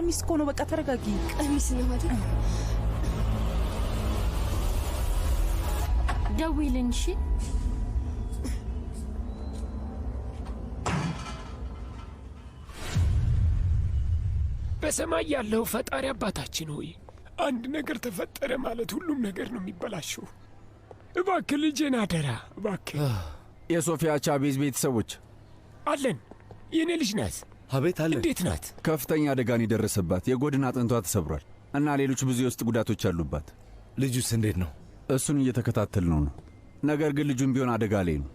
ቀሚስ እኮ ነው። በቃ ተረጋጊ። ቀሚስ ነው አይደል? ደውይልኝ። እሺ በሰማይ ያለው ፈጣሪ አባታችን ሆይ አንድ ነገር ተፈጠረ ማለት ሁሉም ነገር ነው የሚበላሸው። እባክህ ልጄን አደራ እባክህ። የሶፊያ ቻቤዝ ቤተሰቦች አለን። የእኔ ልጅ ናት። አቤት አለ። እንዴት ናት? ከፍተኛ አደጋን የደረሰባት የጎድን አጥንቷ ተሰብሯል እና ሌሎች ብዙ የውስጥ ጉዳቶች አሉባት። ልጁስ እንዴት ነው? እሱን እየተከታተል ነው ነው። ነገር ግን ልጁም ቢሆን አደጋ ላይ ነው።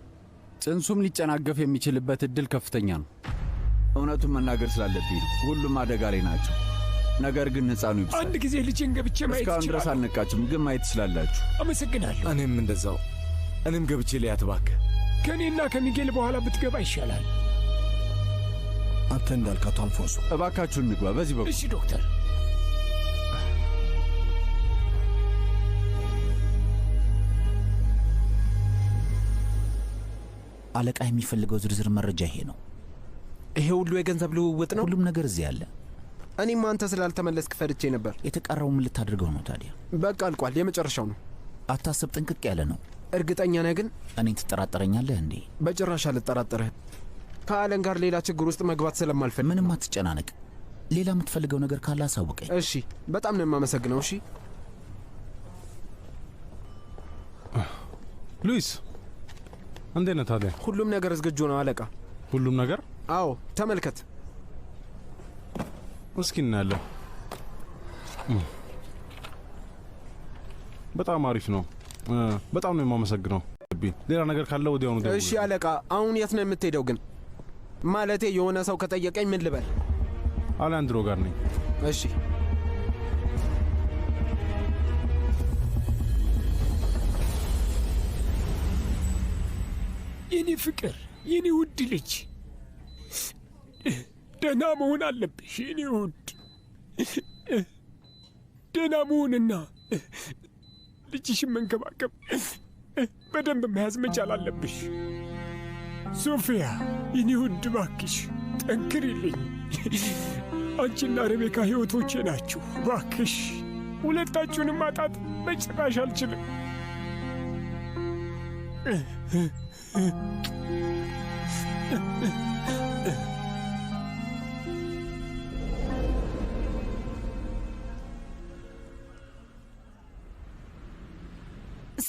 ጽንሱም ሊጨናገፍ የሚችልበት እድል ከፍተኛ ነው። እውነቱን መናገር ስላለብኝ ነው። ሁሉም አደጋ ላይ ናቸው። ነገር ግን ሕፃኑ ይብሳል። አንድ ጊዜ ልጅን ገብቼ ማየት እስካሁን ድረስ አልነቃችም፣ ግን ማየት ትችላላችሁ። አመሰግናለሁ። እኔም እንደዛው። እኔም ገብቼ ሊያት እባክህ። ከእኔና ከሚጌል በኋላ ብትገባ ይሻላል። አንተ እንዳልካቱ አልፎንሶ፣ እባካችሁን እንግባ በዚህ በኩል። እሺ ዶክተር። አለቃ የሚፈልገው ዝርዝር መረጃ ይሄ ነው። ይሄ ሁሉ የገንዘብ ልውውጥ ነው። ሁሉም ነገር እዚህ አለ። እኔም አንተ ስላልተመለስክ ፈርቼ ነበር። የተቀረው ምን ልታደርገው ነው ታዲያ? በቃ አልቋል። የመጨረሻው ነው። አታስብ፣ ጥንቅቅ ያለ ነው። እርግጠኛ ነህ ግን? እኔን ትጠራጠረኛለህ እንዴ? በጭራሽ አልጠራጠርህ። ከአለን ጋር ሌላ ችግር ውስጥ መግባት ስለማልፈልግ ምንም አትጨናነቅ። ሌላ የምትፈልገው ነገር ካለ አሳውቀኝ። እሺ፣ በጣም ነው የማመሰግነው። እሺ ሉዊስ፣ እንዴት ነህ ታዲያ? ሁሉም ነገር ዝግጁ ነው አለቃ። ሁሉም ነገር? አዎ፣ ተመልከት እስኪ እናያለን። በጣም አሪፍ ነው። በጣም ነው የማመሰግነው። ሌላ ነገር ካለ ወዲያውኑ። እሺ አለቃ፣ አሁን የት ነው የምትሄደው ግን? ማለቴ የሆነ ሰው ከጠየቀኝ ምን ልበል? አላንድሮ ጋር ነኝ። እሺ የኔ ፍቅር፣ የኔ ውድ ልጅ ደህና መሆን አለብሽ የኔ ውድ። ደህና መሆንና ልጅሽን መንከባከብ በደንብ መያዝ መቻል አለብሽ። ሶፊያ የኔ ውድ እባክሽ ጠንክሪልኝ። አንቺና ረቤካ ሕይወቶቼ ናችሁ። ባክሽ ሁለታችሁንም ማጣት በጭራሽ አልችልም።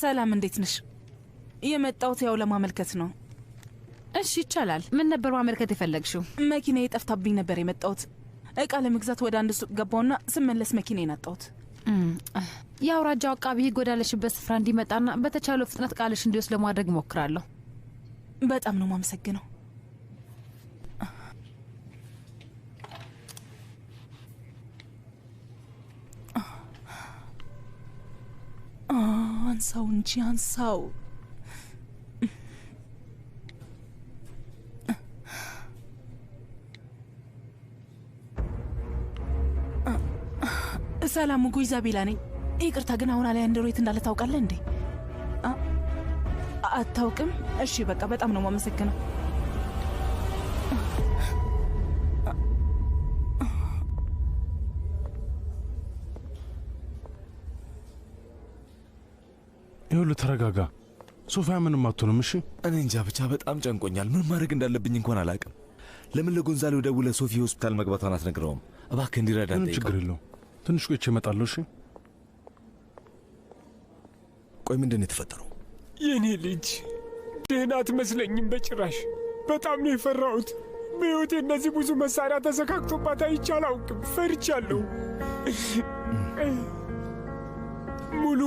ሰላም፣ እንዴት ነሽ? የመጣሁት ያው ለማመልከት ነው። እሺ ይቻላል። ምን ነበር ማመልከት የፈለግሽው? መኪና የጠፍታብኝ ነበር የመጣሁት። እቃ ለመግዛት ወደ አንድ ሱቅ ገባውና ስመለስ መኪና የናጣሁት። የአውራጃው አቃቢ ሕግ ወዳለሽበት ስፍራ እንዲመጣና በተቻለው ፍጥነት ቃልሽ እንዲወስድ ለማድረግ እሞክራለሁ። በጣም ነው ማመሰግነው። አንሳው እንጂ አንሳው። ሰላም ሙጎ ኢዛቤላ ነኝ። ይቅርታ ግን አሁን አላይ አንድሮይት እንዳለ ታውቃለህ እንዴ? አታውቅም? እሺ በቃ በጣም ነው ማመሰግነው። ይሁሉ ተረጋጋ። ሶፊያ ምንም አትሆንም። እሺ እኔ እንጃ ብቻ በጣም ጨንቆኛል። ምን ማድረግ እንዳለብኝ እንኳን አላውቅም። ለምን ለጎንዛሌው ደውለህ ሶፊ ሆስፒታል መግባቷን አትነግረውም? እባክህ እንዲረዳ። ችግር የለውም ትንሽ ቆይቼ እመጣለሁ። እሺ። ቆይ ምንድን ነው የተፈጠረው? የእኔ ልጅ ደህና አትመስለኝም በጭራሽ። በጣም ነው የፈራሁት። በሕይወቴ እነዚህ ብዙ መሳሪያ ተዘጋግቶባት አይቼ አላውቅም። ፈርቻለሁ። ሙሉ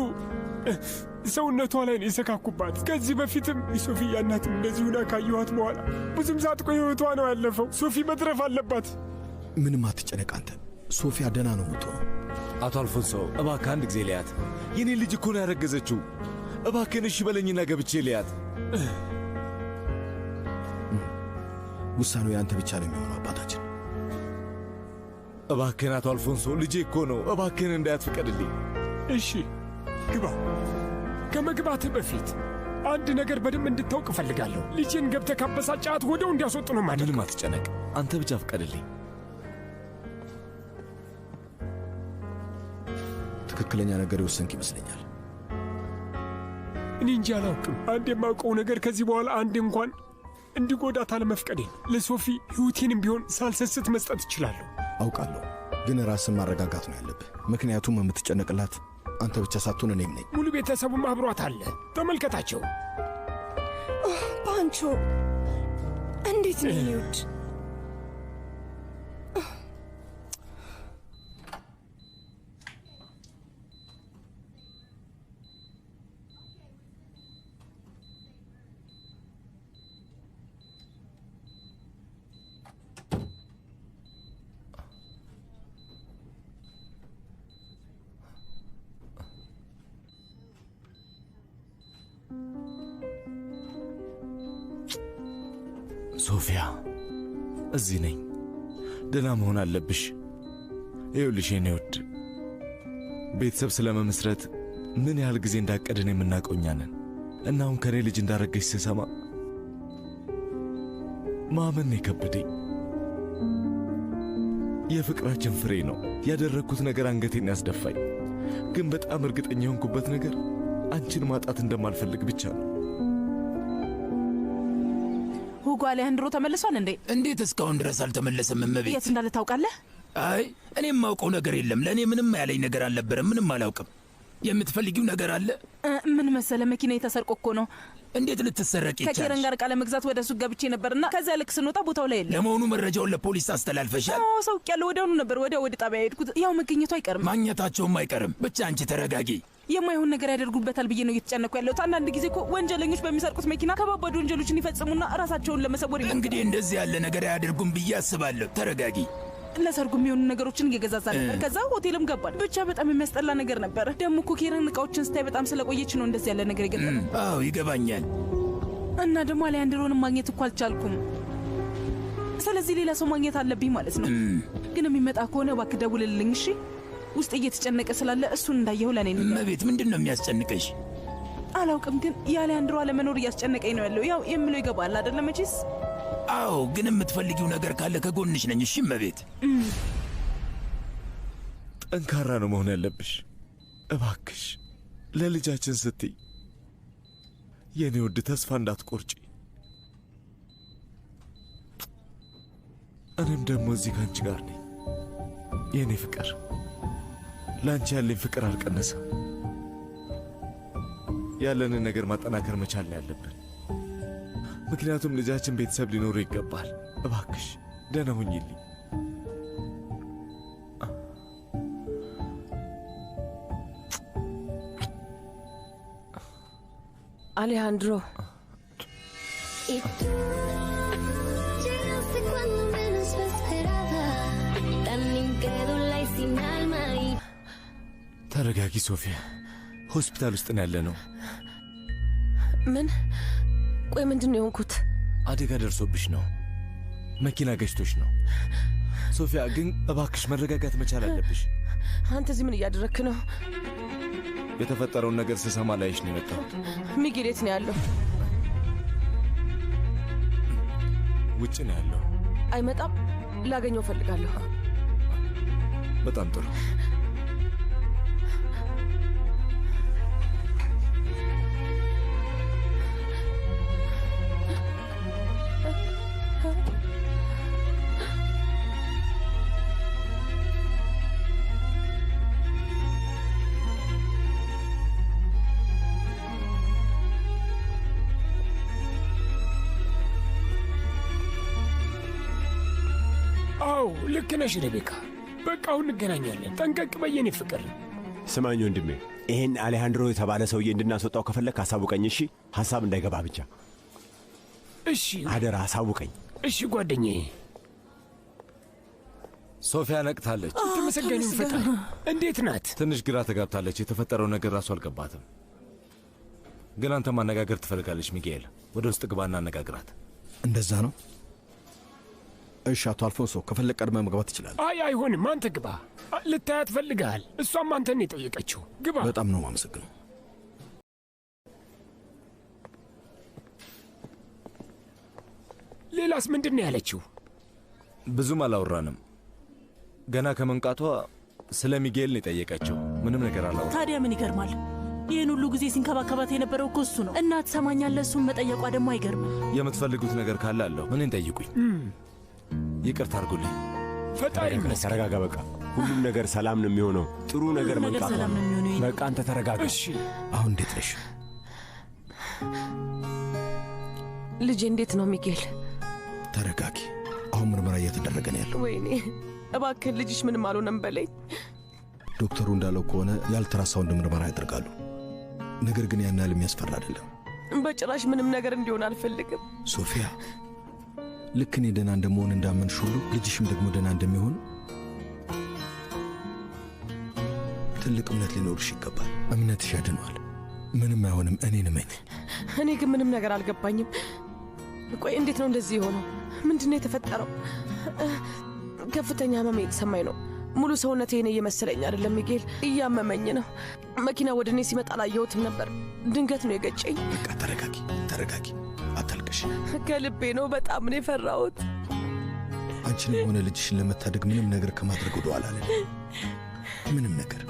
ሰውነቷ ላይ ነው የሰካኩባት። ከዚህ በፊትም የሶፊያ እናትም እንደዚህ ሁና ካየኋት በኋላ ብዙም ሳትቆይ ሕይወቷ ነው ያለፈው። ሶፊ መትረፍ አለባት። ምንም አትጨነቅ አንተ። ሶፊያ ደህና ነው የምትሆነው። አቶ አልፎንሶ እባክህ አንድ ጊዜ ልያት። የኔ ልጅ እኮ ነው ያረገዘችው። እባክህን እሺ በለኝና ገብቼ ልያት። ውሳኔው የአንተ ብቻ ነው የሚሆነው አባታችን። እባክህን አቶ አልፎንሶ ልጄ እኮ ነው። እባክህን እንዳያት ፍቀድልኝ። እሺ ግባ። ከመግባትህ በፊት አንድ ነገር በደንብ እንድታውቅ እፈልጋለሁ። ልጄን ገብተህ ካበሳጫት ወደው እንዲያስወጡ ነው ማለት። ምንም አትጨነቅ፣ አንተ ብቻ ፍቀድልኝ። ትክክለኛ ነገር የወሰንክ ይመስለኛል። እኔ እንጂ አላውቅም። አንድ የማውቀው ነገር ከዚህ በኋላ አንድ እንኳን እንዲጎዳት አለመፍቀዴን፣ ለሶፊ ህይወቴንም ቢሆን ሳልሰስት መስጠት እችላለሁ። አውቃለሁ፣ ግን ራስን ማረጋጋት ነው ያለብህ። ምክንያቱም የምትጨነቅላት አንተ ብቻ ሳትሆን እኔም ነኝ። ሙሉ ቤተሰቡም አብሯት አለ። ተመልከታቸው። ፓንቾ እንዴት ነው ይውድ ሶፊያ፣ እዚህ ነኝ። ደህና መሆን አለብሽ። ይኸውልሽ የኔ ውድ ቤተሰብ ስለ መመስረት ምን ያህል ጊዜ እንዳቀድን የምናውቀው እኛ ነን እና አሁን ከእኔ ልጅ እንዳረገሽ ስሰማ ማመን የከበደኝ የፍቅራችን ፍሬ ነው ያደረግኩት ነገር አንገቴን ያስደፋኝ፣ ግን በጣም እርግጠኛ የሆንኩበት ነገር አንቺን ማጣት እንደማልፈልግ ብቻ ነው። ጓል ህንድሮ ተመልሷል እንዴ? እንዴት እስካሁን ድረስ አልተመለሰም? እመቤት የት እንዳለ ታውቃለህ? አይ እኔ የማውቀው ነገር የለም። ለእኔ ምንም ያለኝ ነገር አልነበረም። ምንም አላውቅም። የምትፈልጊው ነገር አለ? ምን መሰለ፣ መኪና የተሰርቆ እኮ ነው። እንዴት ልትሰረቅ ይቻል? ከኬረን ጋር ቃለ መግዛት ወደ ሱቅ ገብቼ ነበርና ከዚያ ልክ ስንወጣ ቦታው ላይ የለም። ለመሆኑ መረጃውን ለፖሊስ አስተላልፈሻል? አዎ ሰውቅ ወዲያውኑ ነበር ወዲያ ወደ ጣቢያ የሄድኩት። ያው መገኘቱ አይቀርም ማግኘታቸውም አይቀርም። ብቻ አንቺ ተረጋጊ። የማይሆን ነገር ያደርጉበታል ብዬ ነው እየተጨነቁ ያለሁት። አንዳንድ ጊዜ እኮ ወንጀለኞች በሚሰርቁት መኪና ከባባድ ወንጀሎችን ይፈጽሙና ራሳቸውን ለመሰወር እንግዲህ እንደዚህ ያለ ነገር አያደርጉም ብዬ አስባለሁ። ተረጋጊ። ለሰርጉ የሚሆኑ ነገሮችን እየገዛዛ ነበር። ከዛ ሆቴልም ገባል። ብቻ በጣም የሚያስጠላ ነገር ነበር። ደግሞ እኮ ኬረን እቃዎችን ስታይ በጣም ስለቆየች ነው እንደዚህ ያለ ነገር አዎ ይገባኛል። እና ደግሞ አሊያንድሮንም ማግኘት እኮ አልቻልኩም። ስለዚህ ሌላ ሰው ማግኘት አለብኝ ማለት ነው። ግን የሚመጣ ከሆነ እባክህ ደውልልኝ እሺ። ውስጥ እየተጨነቀ ስላለ እሱን እንዳየሁ ለእኔ መቤት፣ ምንድን ነው የሚያስጨንቀሽ? አላውቅም፣ ግን የአሊያንድሮ አለመኖር እያስጨነቀኝ ነው ያለው። ያው የምለው ይገባል አይደለም መቼስ? አዎ፣ ግን የምትፈልጊው ነገር ካለ ከጎንሽ ነኝ። እሺ መቤት። ጠንካራ ነው መሆን ያለብሽ እባክሽ፣ ለልጃችን ስትይ የእኔ ውድ ተስፋ እንዳትቆርጪ። እኔም ደግሞ እዚህ ከአንቺ ጋር ነኝ የእኔ ፍቅር። ለአንቺ ያለኝ ፍቅር አልቀነሰም። ያለንን ነገር ማጠናከር መቻል ያለብን። ምክንያቱም ልጃችን ቤተሰብ ሊኖሩ ይገባል። እባክሽ ደህና ሁኚልኝ። አሌሃንድሮ ተረጋጊ ሶፊያ፣ ሆስፒታል ውስጥ ነው ያለ ነው። ምን? ቆይ ምንድን ነው የሆንኩት? አደጋ ደርሶብሽ ነው። መኪና ገጭቶሽ ነው። ሶፊያ ግን እባክሽ መረጋጋት መቻል አለብሽ። አንተ እዚህ ምን እያደረክ ነው? የተፈጠረውን ነገር ስሰማ ላይሽ ነው የመጣሁት። ሚጌል የት ነው ያለው? ውጭ ነው ያለው። አይመጣም። ላገኘው እፈልጋለሁ። በጣም ጥሩ ነሽ ሬቤካ? በቃ አሁን እንገናኛለን። ጠንቀቅ በየኔ ፍቅር። ስማኝ ወንድሜ፣ ይህን አሌሃንድሮ የተባለ ሰውዬ እንድናስወጣው ከፈለግ አሳውቀኝ። እሺ፣ ሐሳብ እንዳይገባ ብቻ። እሺ፣ አደራ አሳውቀኝ። እሺ ጓደኛዬ። ሶፊያ ነቅታለች። ተመሰገን ፈጣ እንዴት ናት? ትንሽ ግራ ተጋብታለች። የተፈጠረው ነገር ራሱ አልገባትም። ግን አንተ ማነጋገር ትፈልጋለች። ሚካኤል፣ ወደ ውስጥ ግባ እናነጋግራት እንደዛ ነው እሺ አቶ አልፎንሶ ከፈለግ ቀድመ መግባት ይችላል። አይ አይሆንም፣ አንተ ግባ። ልታያት ፈልግሃል። እሷም አንተን የጠየቀችው ግባ። በጣም ነው የማመሰግነው። ሌላስ ምንድን ነው ያለችው? ብዙም አላወራንም። ገና ከመንቃቷ ስለ ሚጌል ነው የጠየቀችው። ምንም ነገር አላ። ታዲያ ምን ይገርማል? ይህን ሁሉ ጊዜ ሲንከባከባት የነበረው እኮ እሱ ነው። እናት ሰማኛለ። እሱን መጠየቋ ደግሞ አይገርምም። የምትፈልጉት ነገር ካለ አለሁ። ምንን ጠይቁኝ። ይቅርታ አድርጉልኝ። ፈጣሪ ተረጋጋ። በቃ ሁሉም ነገር ሰላም ነው የሚሆነው። ጥሩ ነገር መንቃት ነው። በቃ አንተ ተረጋጋ። አሁን እንዴት ነሽ ልጄ? እንዴት ነው ሚጌል? ተረጋጊ። አሁን ምርመራ እየተደረገ ነው ያለው። ወይኔ እባክህ ልጅሽ ምንም አልሆነም በለኝ። ዶክተሩ እንዳለው ከሆነ ያልተራሳ ምርመራ ያደርጋሉ። ነገር ግን ያን ያህል የሚያስፈራ አይደለም። በጭራሽ ምንም ነገር እንዲሆን አልፈልግም ሶፊያ ልክ እኔ ደና እንደመሆን እንዳመንሽ ሁሉ ልጅሽም ደግሞ ደና እንደሚሆን ትልቅ እምነት ሊኖርሽ ይገባል። እምነትሽ ያድነዋል። ምንም አይሆንም፣ እኔን እመኝ። እኔ ግን ምንም ነገር አልገባኝም። ቆይ እንዴት ነው እንደዚህ የሆነው? ምንድን ነው የተፈጠረው? ከፍተኛ ህመም የተሰማኝ ነው። ሙሉ ሰውነቴ እኔ እየመሰለኝ አይደለም ሚጌል፣ እያመመኝ ነው። መኪና ወደ እኔ ሲመጣ አላየሁትም ነበር። ድንገት ነው የገጨኝ። በቃ ተረጋጊ፣ ተረጋጊ፣ አታልቅሽ። ከልቤ ነው። በጣም ነው የፈራሁት። አንቺንም ሆነ ልጅሽን ለመታደግ ምንም ነገር ከማድረግ ወደኋላ አለ ምንም ነገር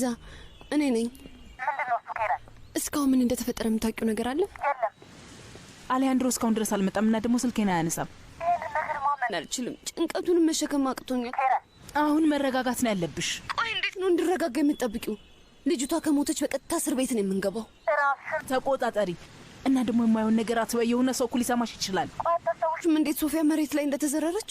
ቤዛ እኔ ነኝ። እስካሁን ምን እንደተፈጠረ የምታውቂው ነገር አለ? አሊያንድሮ እስካሁን ድረስ አልመጣም እና ደግሞ ስልኬን አያነሳም። አልችልም። ጭንቀቱንም መሸከም አቅቶኛል። አሁን መረጋጋት ነው ያለብሽ። ቆይ እንዴት ነው እንድረጋጋ የምጠብቂው? ልጅቷ ከሞተች በቀጥታ እስር ቤት ነው የምንገባው። ተቆጣጠሪ እና ደግሞ የማየውን ነገር አትበይ። የሆነ ሰው እኮ ሊሰማሽ ይችላል። ሰዎችም እንዴት ሶፊያ መሬት ላይ እንደተዘረረች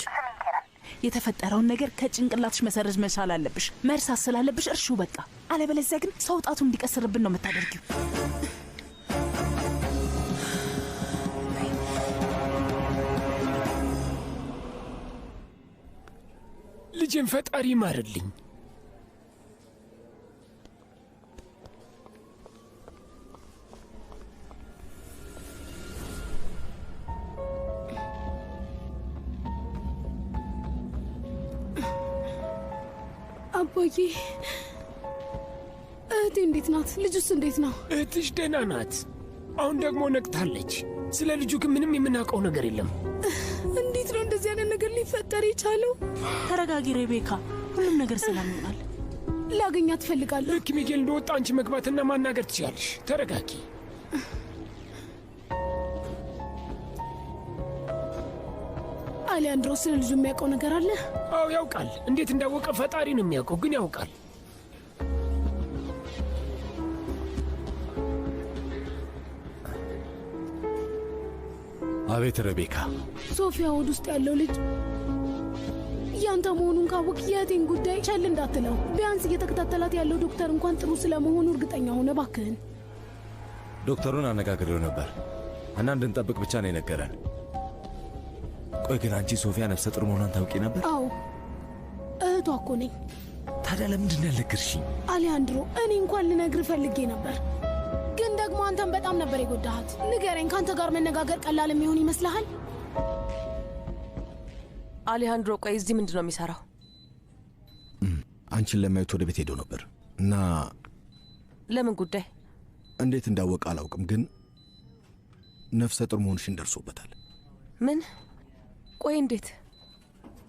የተፈጠረውን ነገር ከጭንቅላትሽ መሰረዝ መቻል አለብሽ። መርሳት ስላለብሽ እርሹ በቃ። አለበለዚያ ግን ሰው ጣቱ እንዲቀስርብን ነው የምታደርጊው። ልጅን ፈጣሪ ይማርልኝ። አባዬ እህቴ እንዴት ናት? ልጁስ እንዴት ነው? እህትሽ ደህና ናት። አሁን ደግሞ ነቅታለች። ስለ ልጁ ግን ምንም የምናውቀው ነገር የለም። እንዴት ነው እንደዚህ አይነት ነገር ሊፈጠር የቻለው? ተረጋጊ ሬቤካ፣ ሁሉም ነገር ሰላም ይሆናል። ላገኛት ትፈልጋለሁ። ልክ ሚጌል እንደወጣ አንቺ መግባትና ማናገር ትችላለሽ። ተረጋጊ። አሊያንድሮስ ስለ ልጁ የሚያውቀው ነገር አለ? አዎ ያውቃል። እንዴት እንዳወቀ ፈጣሪ ነው የሚያውቀው፣ ግን ያውቃል። አቤት ረቤካ፣ ሶፊያ ወድ ውስጥ ያለው ልጅ ያንተ መሆኑን ካወቅ የእህቴን ጉዳይ ቸል እንዳትለው። ቢያንስ እየተከታተላት ያለው ዶክተር እንኳን ጥሩ ስለመሆኑ እርግጠኛ ሆነ። ባክህን ዶክተሩን አነጋግሬው ነበር እና እንድንጠብቅ ብቻ ነው የነገረን። ቆይ ግን አንቺ ሶፊያ ነፍሰ ጡር መሆኗን ታውቂ ነበር? አዎ እህቷ እኮ ነኝ። ታዲያ ለምንድን ያልነገርሽኝ? አሊያንድሮ እኔ እንኳን ልነግር ፈልጌ ነበር፣ ግን ደግሞ አንተን በጣም ነበር የጎዳሃት። ንገረኝ፣ ከአንተ ጋር መነጋገር ቀላል የሚሆን ይመስልሃል? አሊያንድሮ ቆይ እዚህ ምንድን ነው የሚሰራው? አንቺን ለማየት ወደ ቤት ሄዶ ነበር እና ለምን ጉዳይ እንዴት እንዳወቀ አላውቅም፣ ግን ነፍሰ ጥር መሆንሽን ደርሶበታል። ምን ቆይ እንዴት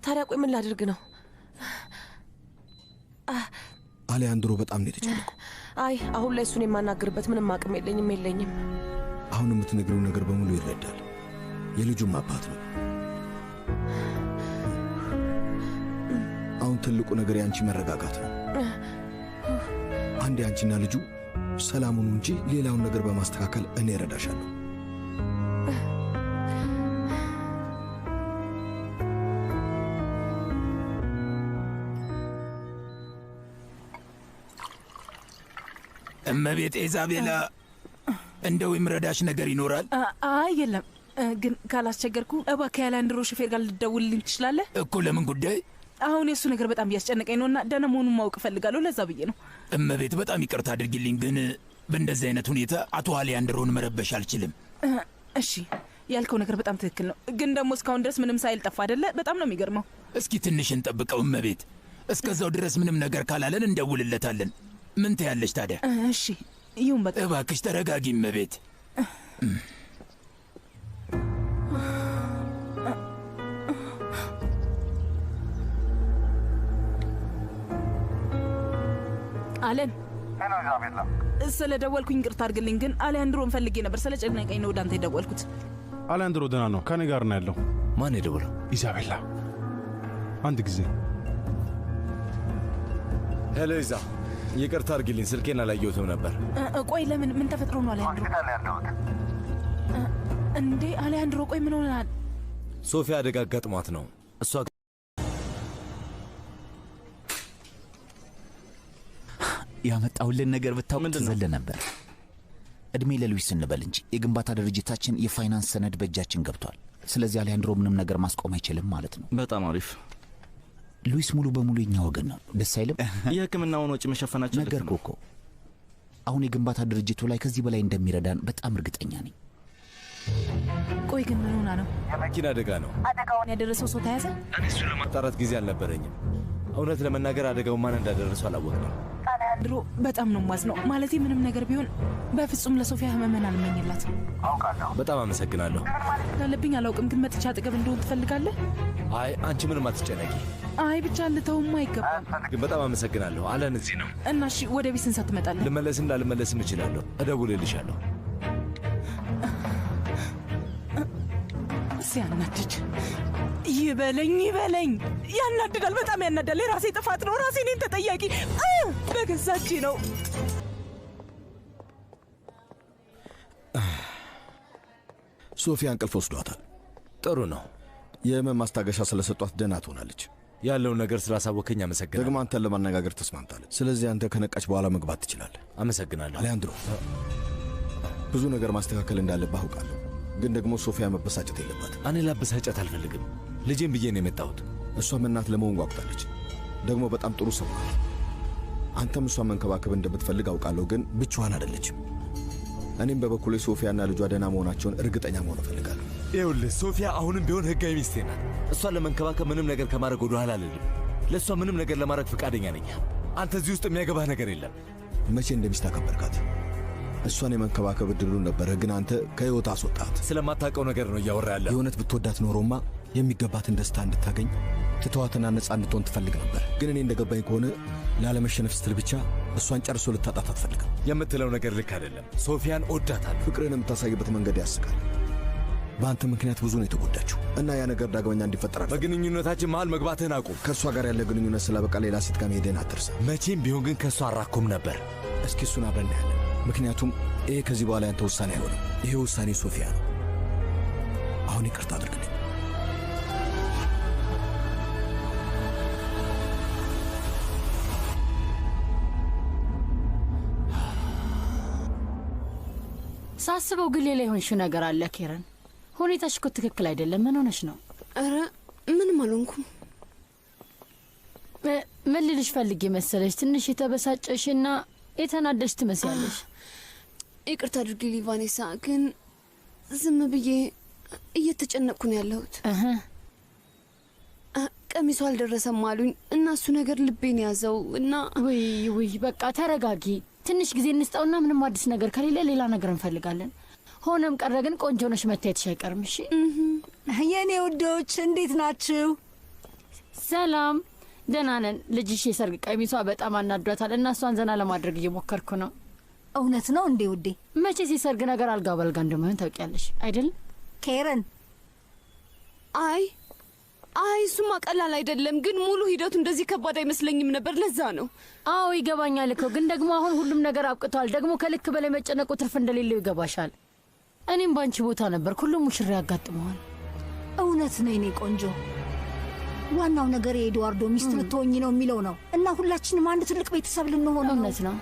ታዲያ? ቆይ ምን ላድርግ ነው? አሊያንድሮ በጣም ነው የተጨነቀው። አይ አሁን ላይ እሱን የማናግርበት ምንም አቅም የለኝም የለኝም። አሁን የምትነግረው ነገር በሙሉ ይረዳል። የልጁም አባት ነው። አሁን ትልቁ ነገር የአንቺ መረጋጋት ነው። አንድ የአንቺና ልጁ ሰላሙን እንጂ ሌላውን ነገር በማስተካከል እኔ ረዳሻለሁ እመቤት ኢዛቤላ፣ እንደው ይምረዳሽ ነገር ይኖራል? አይ የለም፣ ግን ካላስቸገርኩ እባክህ ያላንድሮ ሾፌር ጋር ልደውልልኝ ትችላለህ? እኮ ለምን ጉዳይ? አሁን የእሱ ነገር በጣም እያስጨነቀኝ ነው እና ደህና መሆኑን ማወቅ እፈልጋለሁ። ለዛ ብዬ ነው። እመቤት፣ በጣም ይቅርታ አድርጊልኝ፣ ግን በእንደዚህ አይነት ሁኔታ አቶ አሊያንድሮን መረበሽ አልችልም። እሺ ያልከው ነገር በጣም ትክክል ነው፣ ግን ደግሞ እስካሁን ድረስ ምንም ሳይል ጠፋ አይደለ? በጣም ነው የሚገርመው። እስኪ ትንሽ እንጠብቀው እመቤት። እስከዛው ድረስ ምንም ነገር ካላለን እንደውልለታለን። ምን ትያለሽ ታዲያ? እሺ ይሁን በቃ እባክሽ ተረጋጊ እመቤት። አለን ስለ ደወልኩኝ ቅርታ አድርግልኝ። ግን አሊያንድሮን ፈልጌ ነበር፣ ስለ ጨነቀኝ ነው ወደ አንተ የደወልኩት። አሊያንድሮ ደህና ነው፣ ከኔ ጋር ነው ያለው። ማን የደወለው? ኢዛቤላ። አንድ ጊዜ ሄሎ፣ ኢዛ ይቅርታ አድርጊልኝ፣ ስልኬን አላየሁትም ነበር። ቆይ ለምን ምን ተፈጥሮ ነው? አሊያንድሮ እንዴ? አሊያንድሮ ቆይ ምን ሆናል? ሶፊያ አደጋ ገጥሟት ነው እሷ ያመጣውልን ነገር ብታውቅ ትዘለ ነበር። እድሜ ለሉዊስ እንበል እንጂ የግንባታ ድርጅታችን የፋይናንስ ሰነድ በእጃችን ገብቷል። ስለዚህ አሊያንድሮ ምንም ነገር ማስቆም አይችልም ማለት ነው። በጣም አሪፍ ሉዊስ ሙሉ በሙሉ የኛ ወገን ነው። ደስ አይልም? የሕክምናውን ወጪ መሸፈናቸው ነገር እኮ። አሁን የግንባታ ድርጅቱ ላይ ከዚህ በላይ እንደሚረዳን በጣም እርግጠኛ ነኝ። ቆይ ግን ምን ሆና ነው? የመኪና አደጋ ነው። አደጋውን ያደረሰው ሰው ተያዘ? እኔ እሱን ለማጣራት ጊዜ አልነበረኝም። እውነት ለመናገር አደጋው ማን እንዳደረሰው አላወቅንም። ድሮ በጣም ነው ማዝ ነው ማለት ምንም ነገር ቢሆን በፍጹም ለሶፊያ ህመመን አልመኝላት። በጣም አመሰግናለሁ። ላለብኝ አላውቅም፣ ግን መጥቻ አጠገብ እንደሆን ትፈልጋለህ? አይ አንቺ ምንም አትጨነቂ። አይ ብቻ ልተውም አይገባም። ግን በጣም አመሰግናለሁ። አለን እዚህ ነው እና እሺ፣ ወደ ቤት ስንት ትመጣለህ? ልመለስም ላልመለስም እችላለሁ። እደውልልሻለሁ። ሲያናድድ ይበለኝ ይበለኝ። ያናድዳል፣ በጣም ያናዳል። የራሴ ጥፋት ነው። ራሴ እኔን ተጠያቂ በገዛቼ ነው። ሶፊያ እንቅልፍ ወስዷታል። ጥሩ ነው። የህመም ማስታገሻ ስለሰጧት ደህና ትሆናለች። ያለውን ነገር ስላሳወከኝ አመሰግናለሁ። ደግሞ አንተን ለማነጋገር ተስማምታለች። ስለዚህ አንተ ከነቃች በኋላ መግባት ትችላለህ። አመሰግናለሁ አሊያንድሮ። ብዙ ነገር ማስተካከል እንዳለብህ አውቃለሁ። ግን ደግሞ ሶፊያ መበሳጨት የለባት። እኔ ላበሳጨት አልፈልግም። ልጄም ብዬ ነው የመጣሁት። እሷም እናት ለመሆን ጓጉታለች። ደግሞ በጣም ጥሩ ሰው ናት። አንተም እሷን መንከባከብ እንደምትፈልግ አውቃለሁ፣ ግን ብቻዋን አይደለችም። እኔም በበኩሌ ሶፊያና ልጇ ደህና መሆናቸውን እርግጠኛ መሆን እፈልጋለሁ። ይኸውልህ ሶፊያ አሁንም ቢሆን ህጋዊ ሚስቴ ናት። እሷን ለመንከባከብ ምንም ነገር ከማድረግ ኋላ አልልም። ለእሷ ምንም ነገር ለማድረግ ፈቃደኛ ነኝ። አንተ እዚህ ውስጥ የሚያገባህ ነገር የለም። መቼ እንደሚስት አከበርካት? እሷን የመንከባከብ እድሉ ነበረ፣ ግን አንተ ከህይወት አስወጣት። ስለማታውቀው ነገር ነው እያወራ ያለ። የእውነት ብትወዳት ኖሮማ የሚገባትን ደስታ እንድታገኝ ትተዋትና ነፃ እንድትሆን ትፈልግ ነበር። ግን እኔ እንደገባኝ ከሆነ ላለመሸነፍ ስትል ብቻ እሷን ጨርሶ ልታጣት አትፈልግም። የምትለው ነገር ልክ አይደለም። ሶፊያን ወዳታል። ፍቅርህን የምታሳይበት መንገድ ያስቃል። በአንተ ምክንያት ብዙ ነው የተጎዳችው እና ያ ነገር ዳግመኛ እንዲፈጠራል። በግንኙነታችን መሃል መግባትህን አቁም። ከእሷ ጋር ያለ ግንኙነት ስላበቃ ሌላ ሴት ጋር መሄድህን አትርሳ። መቼም ቢሆን ግን ከእሷ አራኩም ነበር። እስኪ እሱን አብረን ምክንያቱም ይሄ ከዚህ በኋላ ያንተ ውሳኔ አይሆንም። ይሄ ውሳኔ ሶፊያ ነው። አሁን ይቅርታ አድርግልኝ። ሳስበው ግን ሌላ የሆንሽው ነገር አለ ኬረን። ሁኔታሽ እኮ ትክክል አይደለም። ምን ሆነሽ ነው? ኧረ ምንም አልሆንኩም። ምን ልልሽ ፈልጌ መሰለሽ፣ ትንሽ የተበሳጨሽ እና የተናደሽ ትመስያለሽ። ይቅርታ አድርጊልኝ ቫኔሳ፣ ግን ዝም ብዬ እየተጨነቅኩ ነው ያለሁት። ቀሚሶ አልደረሰም አሉኝ እና እሱ ነገር ልቤን ያዘው እና ውይ ውይ፣ በቃ ተረጋጊ፣ ትንሽ ጊዜ እንስጠውና ምንም አዲስ ነገር ከሌለ ሌላ ነገር እንፈልጋለን። ሆነም ቀረ ግን ቆንጆ ነሽ፣ መታየትሽ አይቀርም። እሺ የእኔ ውዶች እንዴት ናችሁ? ሰላም፣ ደህና ነን። ልጅሽ የሰርግ ቀሚሷ በጣም አናዷታል እና እሷን ዘና ለማድረግ እየሞከርኩ ነው። እውነት ነው እንዴ ውዴ? መቼ ሲሰርግ ነገር አልጋ በልጋ እንደማይሆን ታውቂያለሽ አይደለም ኬረን? አይ አይ እሱማ ቀላል አይደለም፣ ግን ሙሉ ሂደቱ እንደዚህ ከባድ አይመስለኝም ነበር። ለዛ ነው። አዎ ይገባኛል እኮ ግን ደግሞ አሁን ሁሉም ነገር አብቅቷል። ደግሞ ከልክ በላይ መጨነቁ ትርፍ እንደሌለው ይገባሻል። እኔም በአንቺ ቦታ ነበር። ሁሉም ሙሽራ ያጋጥመዋል። እውነት ነው የኔ ቆንጆ። ዋናው ነገር የኤድዋርዶ ሚስት ልትሆኝ ነው የሚለው ነው እና ሁላችንም አንድ ትልቅ ቤተሰብ ልንሆን እውነት ነው።